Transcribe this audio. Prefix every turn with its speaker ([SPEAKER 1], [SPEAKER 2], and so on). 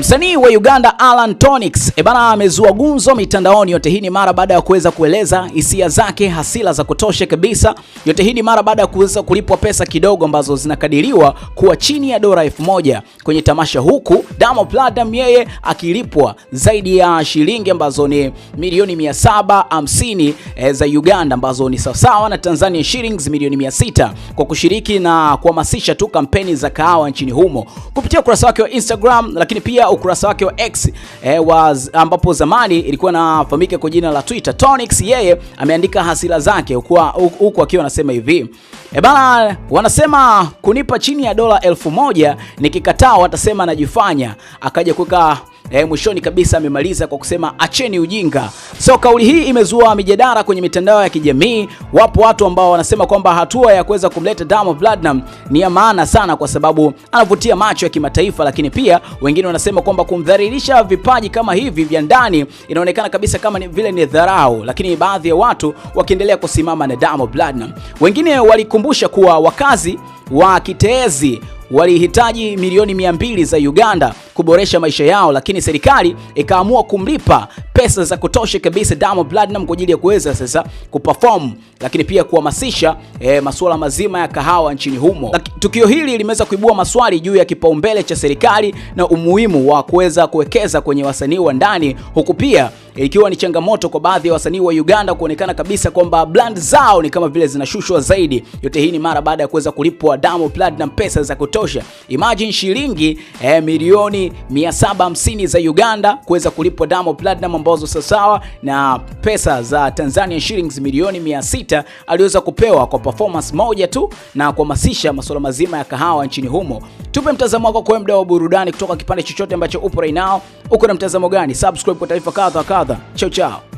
[SPEAKER 1] Msanii wa Uganda Allan Tonix ebana amezua gumzo mitandaoni. Yote hii ni mara baada ya kuweza kueleza hisia zake, hasira za kutosha kabisa. Yote hii ni mara baada ya kuweza kulipwa pesa kidogo ambazo zinakadiriwa kuwa chini ya dola elfu moja kwenye tamasha, huku Diamond Platnumz yeye akilipwa zaidi ya shilingi ambazo ni milioni 750 e, za Uganda ambazo ni sawasawa na Tanzania shillings milioni 600 kwa kushiriki na kuhamasisha tu kampeni za kahawa nchini humo kupitia ukurasa wake wa Instagram, lakini pia ukurasa wake wa X eh, wa ambapo zamani ilikuwa inafahamika kwa jina la Twitter. Tonix yeye ameandika hasira zake huku akiwa anasema hivi e bana, wanasema kunipa chini ya dola elfu moja nikikataa watasema najifanya. Akaja kuweka E, mwishoni kabisa amemaliza kwa kusema acheni ujinga. So kauli hii imezua mijadala kwenye mitandao ya kijamii. Wapo watu ambao wanasema kwamba hatua ya kuweza kumleta Diamond Platnumz ni ya maana sana, kwa sababu anavutia macho ya kimataifa, lakini pia wengine wanasema kwamba kumdhalilisha vipaji kama hivi vya ndani inaonekana kabisa kama ni vile ni dharau, lakini baadhi ya watu wakiendelea kusimama na Diamond Platnumz. Wengine walikumbusha kuwa wakazi wa Kiteezi walihitaji milioni mia mbili za Uganda kuboresha maisha yao, lakini serikali ikaamua kumlipa pesa za kutosha kabisa Diamond Platnumz kwa ajili ya kuweza sasa kuperform, lakini pia kuhamasisha e, masuala mazima ya kahawa nchini humo. Tukio hili limeweza kuibua maswali juu ya kipaumbele cha serikali na umuhimu wa kuweza kuwekeza kwenye wasanii wa ndani huku pia ikiwa ni changamoto kwa baadhi ya wasanii wa Uganda kuonekana kabisa kwamba brand zao ni kama vile zinashushwa zaidi. Yote hii ni mara baada ya kuweza kulipwa Diamond Platnumz pesa za kutosha. Imagine shilingi eh, milioni 750 za Uganda kuweza kulipwa Diamond Platnumz ambazo sawa na pesa za Tanzania shillings milioni 600 aliweza kupewa kwa performance moja tu na kuhamasisha masuala mazima ya kahawa nchini humo. Tupe mtazamo wako kwa mda wa burudani kutoka kipande chochote ambacho upo right now. Uko na mtazamo gani? Subscribe kwa taarifa kadha kadha. rodada. Tchau, tchau.